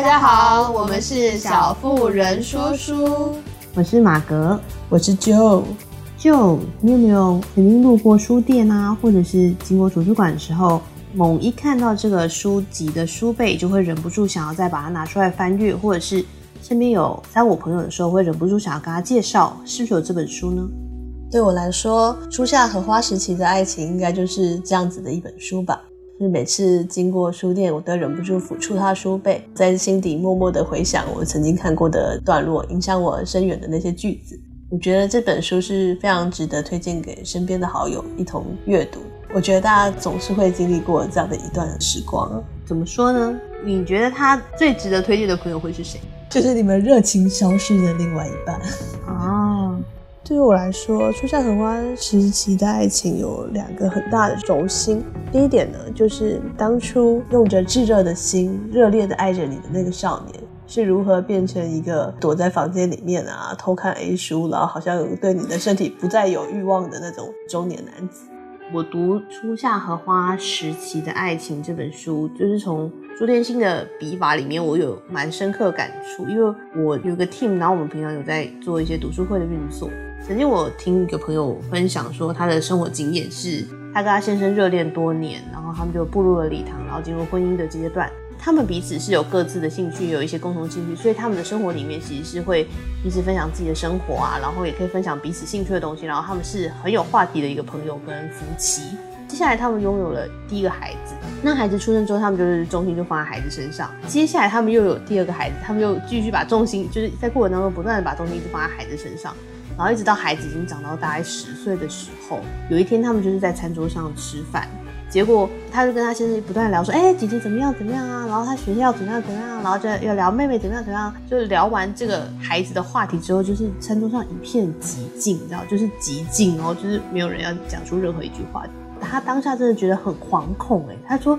大家好，我們是小婦人說書。我是馬格，我是 Jo Jo，你有沒有曾經路過書店啊，或者是經過圖書館的時候，猛一看到這個書籍的書背，就會忍不住想要再把它拿出來翻閱，或者是身邊有三五朋友的時候，會忍不住想要跟他介紹，是不是有這本書呢？對我來說，《初夏荷花時期的愛情》應該就是這樣子的一本書吧。就是每次經過書店，我都忍不住撫觸他書背，在心底默默的回想我曾經看過的段落，影響我深遠的那些句子。我覺得這本書是非常值得推薦給身邊的好友一同閱讀。我覺得大家總是會經歷過這樣的一段時光。怎麼說呢？你覺得他最值得推薦的朋友會是誰？就是你們熱情消失的另外一半啊。對於我來說，《初夏荷花時期的愛情》有兩個很大的軸心。第一點呢，就是當初用着炙熱的心、熱烈的愛着你的那個少年，是如何變成一個躲在房間裡面啊，偷看 A 書，然後好像有對你的身體不再有慾望的那種中年男子。我讀《初夏荷花時期的愛情》這本書，就是從朱天心的筆法裡面，我有蠻深刻的感觸，因為我有個 team，然後我們平常有在做一些讀書會的運作。曾經我聽一個朋友分享說，他的生活經驗是，他跟他先生熱戀多年，然後他們就步入了禮堂，然後進入婚姻的階段。他們彼此是有各自的興趣，有一些共同興趣，所以他們的生活裡面其實是會彼此分享自己的生活啊，然後也可以分享彼此興趣的東西。然後他們是很有話題的一個朋友跟夫妻。接下來他們擁有了第一個孩子，那孩子出生之後，他們就是重心就放在孩子身上。接下來他們又有第二個孩子，他們就繼續把重心，就是在過程當中不斷的把重心一直放在孩子身上。然後一直到孩子已經長到大概十歲的時候，有一天他們就是在餐桌上吃飯，結果他就跟他先生不斷聊說：“哎、欸，姐姐怎麼樣怎麼樣啊？然後他學校怎麼樣怎麼樣？然後就要聊妹妹怎麼樣怎麼樣。”就是聊完這個孩子的話題之後，就是餐桌上一片寂靜，你知道，就是寂靜哦，就是沒有人要講出任何一句話。他當下真的覺得很惶恐、欸，哎，他說：“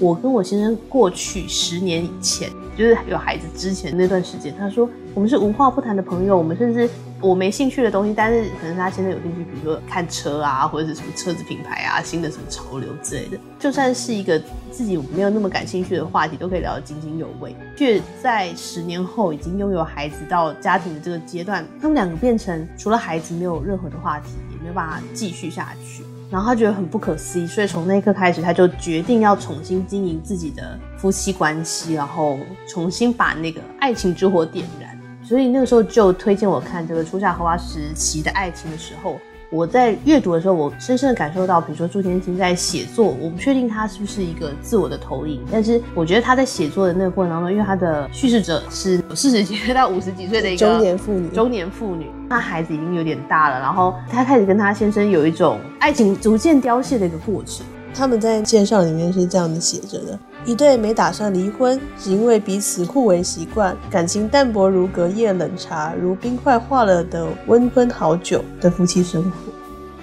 我跟我先生過去十年以前，就是有孩子之前那段時間，他說我們是無話不談的朋友，我們甚至。”我沒興趣的東西，但是可能他現在有興趣，比如說看車啊，或者是什麼車子品牌啊，新的什麼潮流之類的。就算是一個自己沒有那麼感興趣的話題，都可以聊得津津有味。卻在十年後已經擁有孩子到家庭的這個階段，他們兩個變成除了孩子沒有任何的話題，也沒有辦法繼續下去。然後他覺得很不可思議，所以從那一刻開始，他就決定要重新經營自己的夫妻關係，然後重新把那個愛情之火點燃。所以那個時候就推薦我看這個初夏荷花時期的愛情的時候，我在閱讀的時候，我深深的感受到，比如說朱天心在寫作，我不確定他是不是一個自我的投影，但是我覺得他在寫作的那個過程當中，因為他的敘事者是四十幾歲到五十幾歲的一個中年婦女，中年婦女，她孩子已經有點大了，然後她開始跟她先生有一種愛情逐漸凋謝的一個過程。他們在介紹裡面是這樣子寫着的：一對沒打算離婚，只因為彼此互為習慣，感情淡薄如隔夜冷茶，如冰塊化了溫吞的溫溫好酒的夫妻生活。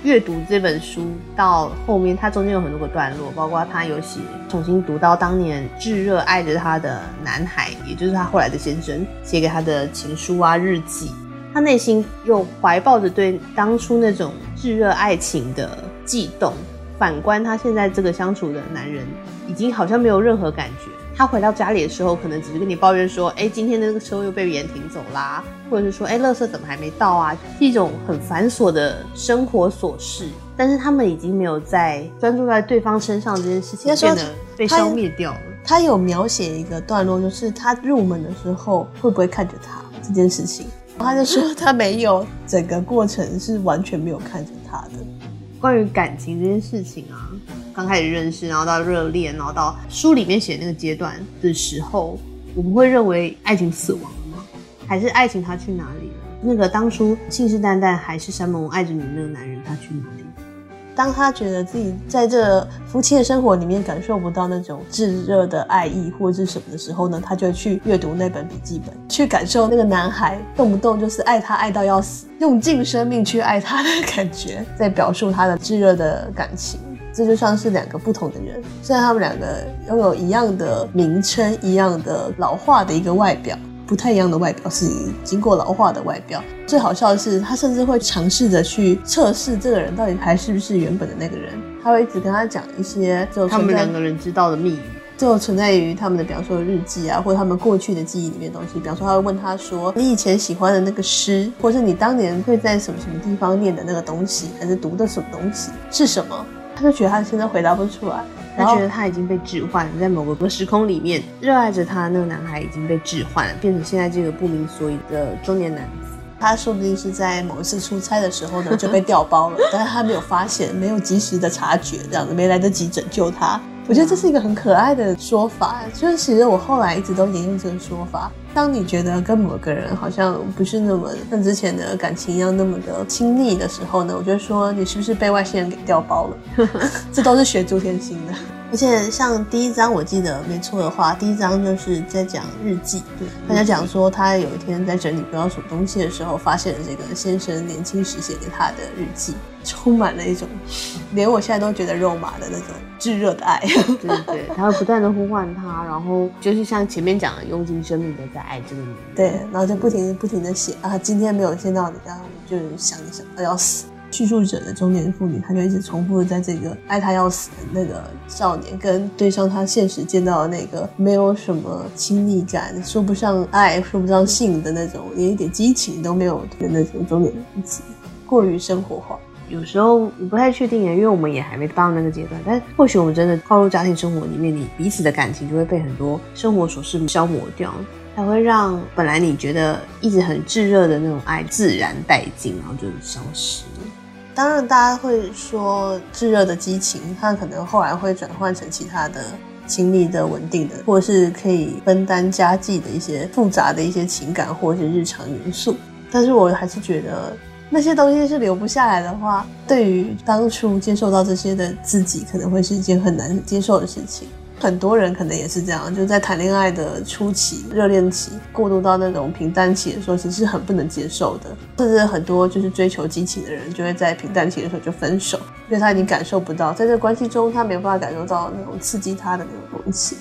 閱讀這本書到後面，他中間有很多個段落，包括他有寫重新讀到當年炙熱愛着他的男孩，也就是他後來的先生寫給他的情書啊日記，他內心又懷抱着對當初那種炙熱愛情的悸動。反觀他現在這個相處的男人，已經好像沒有任何感覺。他回到家裡的時候，可能只是跟你抱怨說：“哎、欸，今天的那個車又被人停走啦。”或者是說：“哎、欸，垃圾怎麼還沒到啊？”一種很繁瑣的生活瑣事。但是他們已經沒有在專注在對方身上這件事情，變得被消滅掉了。他有描寫一個段落，就是他入門的時候會不會看着他這件事情，他就說他沒有， 整個過程是完全沒有看着他的。關於感情這件事情啊，剛開始認識，然後到熱戀，然後到書裡面寫那個階段的時候，我們會認為愛情死亡了嗎？還是愛情它去哪裡了？那個當初信誓旦旦、海誓山盟愛着你的那個男人，他去哪裡？當他覺得自己在這夫妻的生活裡面感受不到那種炙熱的愛意或者是什麼的時候呢，他就去閱讀那本筆記本，去感受那個男孩動不動就是愛他愛到要死，用盡生命去愛他的感覺，在表述他的炙熱的感情。這就像是兩個不同的人，雖然他們兩個擁有一樣的名稱，一樣的老化的一個外表。不太一樣的外表，是經過老化的外表。最好笑的是，他甚至會嘗試着去測試這個人到底還是不是原本的那個人。他會一直跟他講一些就他們兩個人知道的秘密，就存在於他們的，比方說日記啊，或者他們過去的記憶裡面的東西。比方說，他會問他說：“你以前喜歡的那個詩，或者你當年會在什麼什麼地方念的那個東西，還是讀的什麼東西是什麼？”他就覺得他現在回答不出來。他覺得他已經被置換了，在某個時空裡面，熱愛着他的那個男孩已經被置換了，變成現在這個不明所以的中年男子。他說不定是在某一次出差的時候呢，就被調包了， 但是他沒有發現，沒有及時的察覺，這樣子沒來得及拯救他。我覺得這是一個很可愛的說法，就是其實我後來一直都沿用這個說法。當你覺得跟某個人好像不是那麼跟之前的感情一樣那麼的親密的時候呢，我就說你是不是被外星人給調包了？這都是學朱天心的。而且像第一章，我記得沒錯的話，第一章就是在講日記。對，他在講說他有一天在整理不知道什麼東西的時候，發現了這個先生年輕時寫給他的日記，充滿了一種連我現在都覺得肉麻的那種炙熱的愛。 對對，然後不斷的呼喚他，然後就是像前面講的用盡生命的在愛這個女人。對，然後就不停不停的寫啊，今天沒有見到你，這樣就想你想、啊、要死。敘述者的中年婦女，她就一直重複的在這個愛她要死的那個少年，跟對上她現實見到的那個沒有什麼親密感，說不上愛，說不上性的那種，連一點激情都沒有對的那種中年女子，過於生活化。有時候你不太確定，因為我們也還沒到那個階段，但或許我們真的跨入家庭生活裡面，你彼此的感情就會被很多生活瑣事消磨掉，才會讓本來你覺得一直很炙熱的那種愛自然殆盡，然後就消失了。當然，大家會說炙熱的激情，它可能後來會轉換成其他的親密的、穩定的，或是可以分擔家計的一些複雜的一些情感，或是日常元素。但是我還是覺得，那些東西是留不下來的話，對於當初接受到這些的自己，可能會是一件很難接受的事情。很多人可能也是這樣，就是在談戀愛的初期、熱戀期，過渡到那種平淡期的時候，其實是很不能接受的。甚至很多就是追求激情的人，就會在平淡期的時候就分手，因為他已經感受不到，在這個關係中他沒有辦法感受到那種刺激他的那種東西。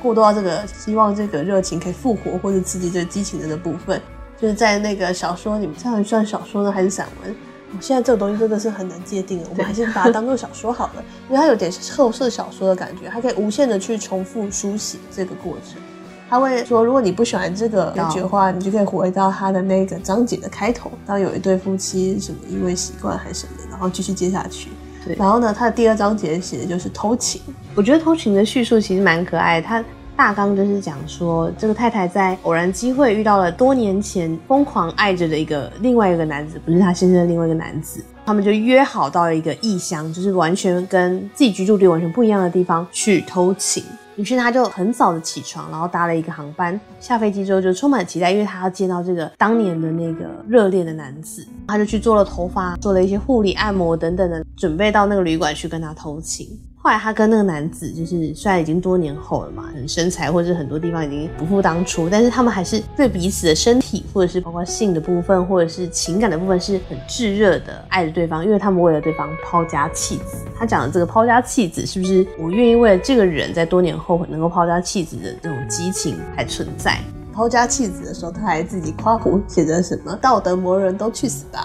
過渡到這個希望這個熱情可以復活或者刺激這激情人的部分，就是在那個小說裡，你們這樣算小說呢，還是散文？現在這個東西真的是很難界定的，我們還是把它當做小說好了， 因為它有點後設小說的感覺，它可以無限的去重複書寫這個過程。他會說，如果你不喜歡這個感覺的話，你就可以回到他的那個章節的開頭，當有一對夫妻什麼因為習慣還是什麼，然後繼續接下去。對，然後呢，他的第二章節寫的就是偷情，我覺得偷情的敘述其實蠻可愛，他。大綱就是講說，這個太太在偶然機會遇到了多年前瘋狂愛着的一個另外一個男子，不是她先生的另外一個男子。他們就約好到了一個異鄉，就是完全跟自己居住地完全不一樣的地方去偷情。於是她就很早的起床，然後搭了一個航班，下飛機之後就充滿期待，因為她要見到這個當年的那個熱戀的男子。她就去做了頭髮，做了一些護理、按摩等等的，準備到那個旅館去跟他偷情。後來他跟那個男子，就是雖然已經多年後了嘛，身材或者是很多地方已經不復當初，但是他們還是對彼此的身體，或者是包括性的部分，或者是情感的部分，是很炙熱的愛着對方。因為他們為了對方拋家棄子。他講的這個拋家棄子，是不是我願意為了這個人在多年後能夠拋家棄子的這種激情還存在？拋家棄子的時候，他還自己誇口寫着什麼“道德魔人都去死吧”，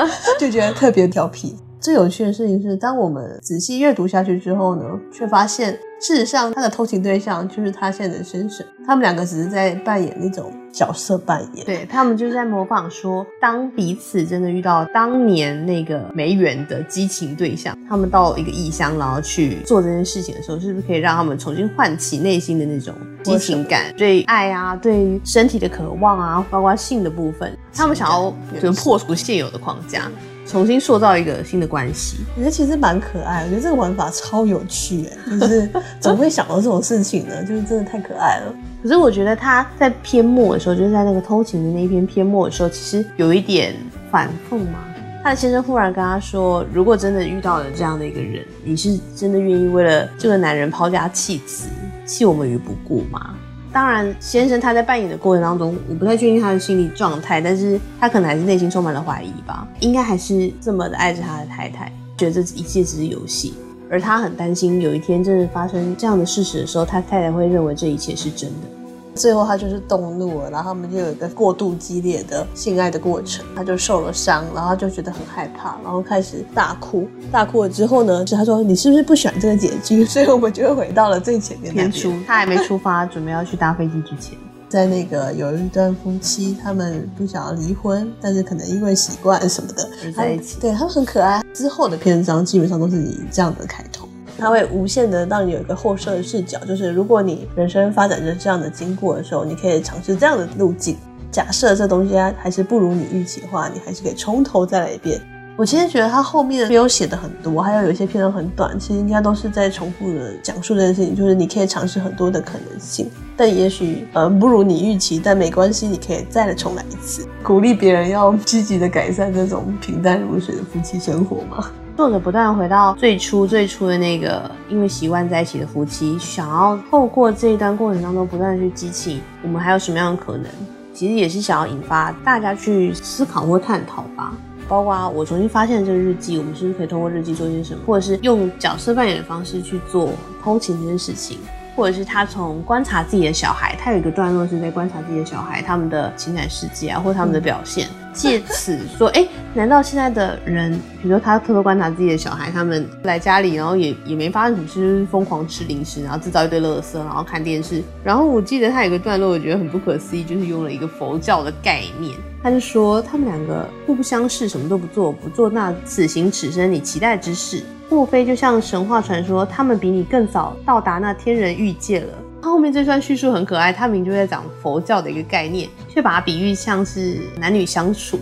就覺得特別調皮。最有趣的事情是，當我們仔細閱讀下去之後呢，却發現事實上他的偷情對象就是他現在的先生，他們兩個只是在扮演那種角色扮演，對他們就是在模仿說，當彼此真的遇到當年那個梅園的激情對象，他們到一個異鄉，然後去做這件事情的時候，是不是可以讓他們重新喚起內心的那種激情感，對愛啊，對身體的渴望啊，包括性的部分，他們想要能破除現有的框架。重新塑造一個新的關係，我覺得其實蠻可愛。我覺得這個玩法超有趣，欸，就是怎麼會想到這種事情呢？就是真的太可愛了。 可是我覺得他在篇末的時候，就是在那個偷情的那一篇篇末的時候，其實有一點反諷嘛。他的先生忽然跟他說：“如果真的遇到了這樣的一個人，你是真的願意為了這個男人拋家棄子，棄我們於不顧嗎？”當然，先生他在扮演的過程當中，我不太確定他的心理狀態，但是他可能還是內心充滿了懷疑吧。應該還是這麼的愛着他的太太，覺得這一切只是遊戲，而他很擔心有一天真的發生這樣的事實的時候，他太太會認為這一切是真的。最後他就是動怒了，然後他們就有一個過度激烈的性愛的過程，他就受了傷，然後就覺得很害怕，然後開始大哭。大哭了之後呢，就他說：“你是不是不喜歡這個結局？”所以我們就回到了最前面那，天初，他還沒出發， 準備要去搭飛機之前，在那個有一段夫妻，他們不想要離婚，但是可能因為習慣什麼的在一起。他對他們很可愛。之後的篇章基本上都是以這樣的開頭。它會無限的讓你有一個後設的視角，就是如果你人生發展着這樣的經過的時候，你可以嘗試這樣的路徑。假設這東西啊還是不如你預期的話，你還是可以從頭再來一遍。我其實覺得它後面沒有寫的很多，還有有一些篇章很短，其實應該都是在重複的講述這件事情，就是你可以嘗試很多的可能性，但也許呃不如你預期，但沒關係，你可以再來重來一次，鼓勵別人要積極的改善這種平淡如水的夫妻生活嘛。作者不斷回到最初最初的那個因為習慣在一起的夫妻，想要透過這一段過程當中不斷的去激情，我們還有什麼樣的可能？其實也是想要引發大家去思考或探討吧。包括我重新發現這個日記，我們是不是可以通過日記做些什麼，或者是用角色扮演的方式去做偷情這件事情？或者是他從觀察自己的小孩，他有一個段落是在觀察自己的小孩，他們的情感世界啊，或他們的表現，借此說，哎、欸，難道現在的人，比如說他偷偷觀察自己的小孩，他們來家裡，然後也也沒發生什麼事，就是瘋狂吃零食，然後製造一堆垃圾，然後看電視。然後我記得他有一個段落，我覺得很不可思議，就是用了一個佛教的概念，他就說他們兩個互不相識，什麼都不做，不做那此行此生你期待之事。莫非就像神話傳說，他們比你更早到達那天人欲界了？他、啊、後面這段敘述很可愛，他明明就在講佛教的一個概念，卻把它比喻像是男女相處。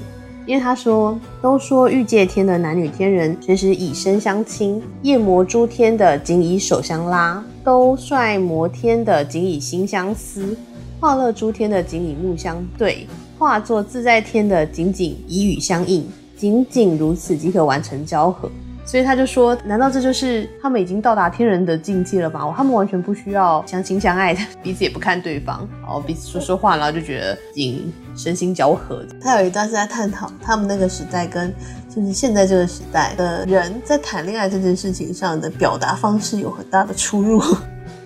因為他說：“都說欲界天的男女天人，其實以身相親；夜摩諸天的僅以手相拉；兜率摩天的僅以心相思；化樂諸天的僅以目相對；化作自在天的僅僅以語相應。僅僅如此即可完成交合。”所以他就說：“難道這就是他們已經到達天人的境界了嗎？他們完全不需要相親相愛的，彼此也不看對方，然後彼此說說話，然後就覺得已經身心交合。”他有一段是在探討他們那個時代跟就是現在這個時代的人在談戀愛這件事情上的表達方式有很大的出入，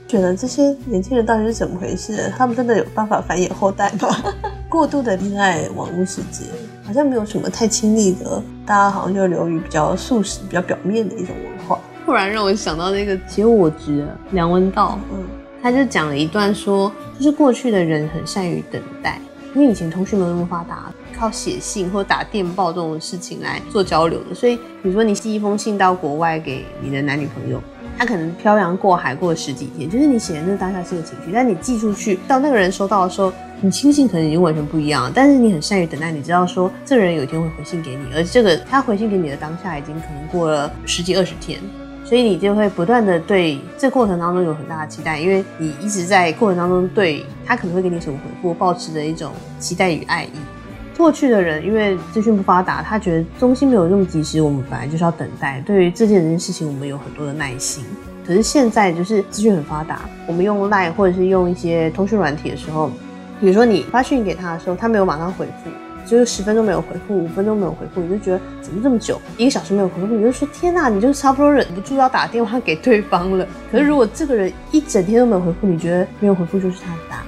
覺得這些年輕人到底是怎麼回事？他們真的有辦法繁衍後代嗎？過度的戀愛網絡世界好像沒有什麼太親密的。大家好像就流於比較素食、比較表面的一種文化。突然讓我想到那個，其實我覺得梁文道，嗯，嗯，他就講了一段說，就是過去的人很善於等待，因為以前通訊沒有那麼發達，靠寫信或打電報這種事情來做交流的。所以，比如說你寄一封信到國外給你的男女朋友。他可能漂洋過海過了十幾天，就是你寫的那個當下是個情緒，但你寄出去到那個人收到的時候，你親信可能已經完全不一樣了。但是你很善於等待，你知道說這個人有一天會回信給你，而且這個他回信給你的當下已經可能過了十幾二十天，所以你就會不斷的對這過程當中有很大的期待，因為你一直在過程當中對他可能會給你什麼回復保持着一種期待與愛意。過去的人，因為資訊不發達，他覺得中心沒有這麼及時。我們本來就是要等待，對於這件這件事情，我們有很多的耐心。可是現在就是資訊很發達，我們用 LINE 或者是用一些通訊軟體的時候，比如說你發訊息給他的時候，他沒有馬上回復，就是十分鐘沒有回復，五分鐘沒有回復，你就覺得怎麼這麼久？一個小時沒有回復，你就說天吶，你就差不多忍不住要打電話給對方了。可是如果這個人一整天都沒有回復，你覺得沒有回復就是他的答案。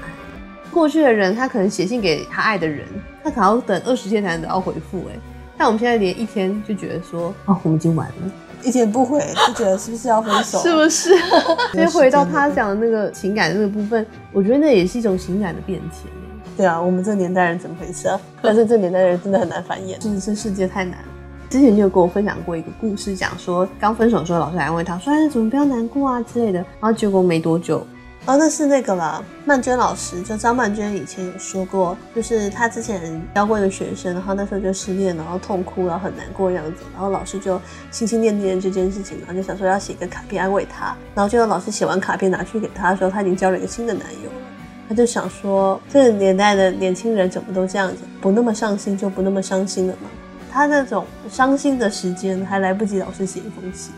過去的人，他可能寫信給他愛的人，他可能要等二十天才能得到回復。哎，但我們現在連一天就覺得說，哦，我們已經完了，一天不回就覺得是不是要分手？ 是不是？先 回到他講的那個情感的那個部分，我覺得那也是一種情感的變遷。對啊，我們這年代人怎麼回事啊？但是這年代人真的很難繁衍，真 是這世界太難。之前就有跟我分享過一個故事講，講說剛分手的時候，老師還安慰他說，哎，怎麼不要難過啊之類的，然後結果沒多久。然、哦、後那是那個了，曼娟老師就張曼娟以前有說過，就是她之前教過一個學生，然後那時候就失戀，然後痛哭，然後很難過的樣子，然後老師就心心念念這件事情，然後就想說要寫個卡片安慰他，然後結果老師寫完卡片拿去給他，的時候，他已經交了一個新的男友了。他就想說這個年代的年輕人怎麼都這樣子，不那麼上心就不那麼傷心了嘛。他那種傷心的時間還來不及老師寫一封信。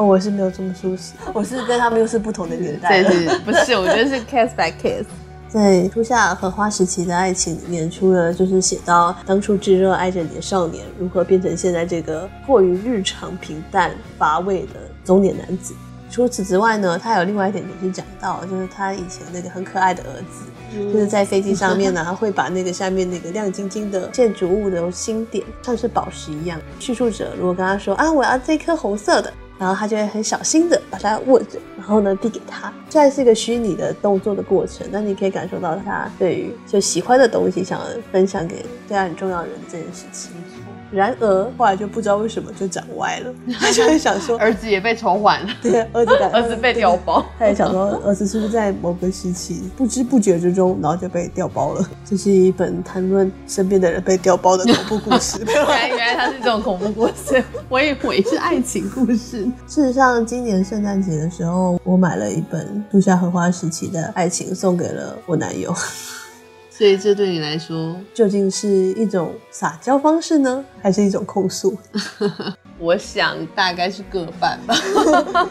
哦、我是沒有這麼舒適，我是跟他們又是不同的年代 對，對，不是，我覺得是 case by case。在《初夏荷花時期的愛情》裡面，除了就是寫到當初炙熱愛着你的少年，如何變成現在這個過於日常、平淡、乏味的中年男子。除此之外呢，他有另外一點也是講到，就是他以前那個很可愛的兒子，就是在飛機上面呢，他會把那個下面那個亮晶晶的建築物的星點，像是寶石一樣。敘述者如果跟他說啊，我要這顆紅色的。然後他就會很小心的把它握着，然後呢遞給他。雖然是一個虛擬的動作的過程，但你可以感受到他對於就喜歡的東西想要分享給對他很重要的人這件事情。然而後來就不知道為什麼就長歪了，他就，就會想說 兒子也被寵壞了，對兒子，兒子被調包，他也想說 兒子是不是在某個時期不知不覺之中，然後就被調包了。這是一本談論身邊的人被調包的恐怖故事 原來。原來他是這種恐怖故事，我以為是愛情故事。事實上，今年聖誕節的時候，我買了一本《初夏荷花時期的愛情》，送給了我男友。所以這對你來說，究竟是一種撒嬌方式呢，還是一種控訴？ 我想大概是各半吧。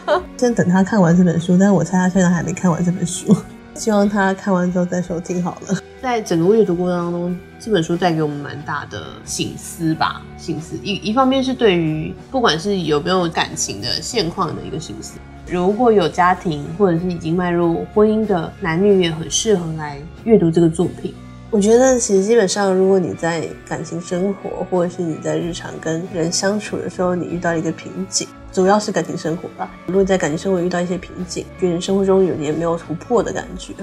先等他看完這本書，但是我猜他現在還沒看完這本書。希望他看完之後再收聽好了。在整個閱讀過程當中，這本書帶給我們蠻大的省思吧，省思一一方面是對於不管是有沒有感情的現況的一個省思。如果有家庭或者是已經邁入婚姻的男女，也很適合來閱讀這個作品。我覺得其實基本上，如果你在感情生活或者是你在日常跟人相處的時候，你遇到一個瓶頸，主要是感情生活吧。如果你在感情生活遇到一些瓶頸，給人生活中有點沒有突破的感覺，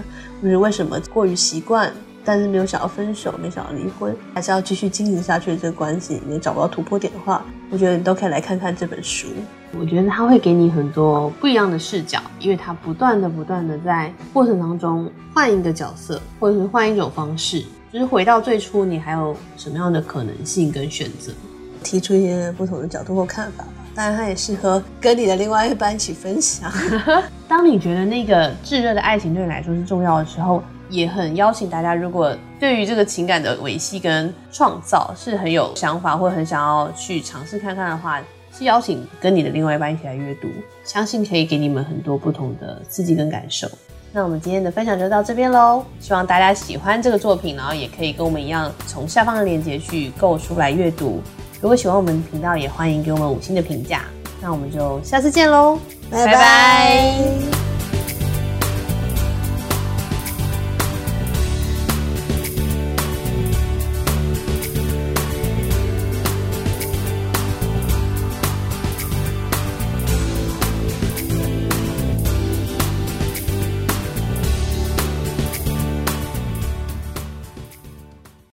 就是為什麼過於習慣。但是沒有想要分手，沒想要離婚，還是要繼續經營下去的這個關係，你找不到突破點的話，我覺得你都可以來看看這本書。我覺得它會給你很多不一樣的視角，因為它不斷的、不斷的在過程當中換一個角色，或者是換一種方式，就是回到最初，你還有什麼樣的可能性跟選擇，提出一些不同的角度或看法吧。當然，它也適合跟你的另外一半一起分享。 當你覺得那個炙熱的愛情對你來說是重要的時候。也很邀請大家，如果對於這個情感的維繫跟創造是很有想法，或很想要去嘗試看看的話，是邀請跟你的另外一半一起來閱讀，相信可以給你們很多不同的刺激跟感受。那我們今天的分享就到這邊嘍，希望大家喜歡這個作品，然後也可以跟我們一樣從下方的鏈接去購書來閱讀。如果喜歡我們的頻道，也歡迎給我們五星的評價。那我們就下次見嘍，拜拜，拜。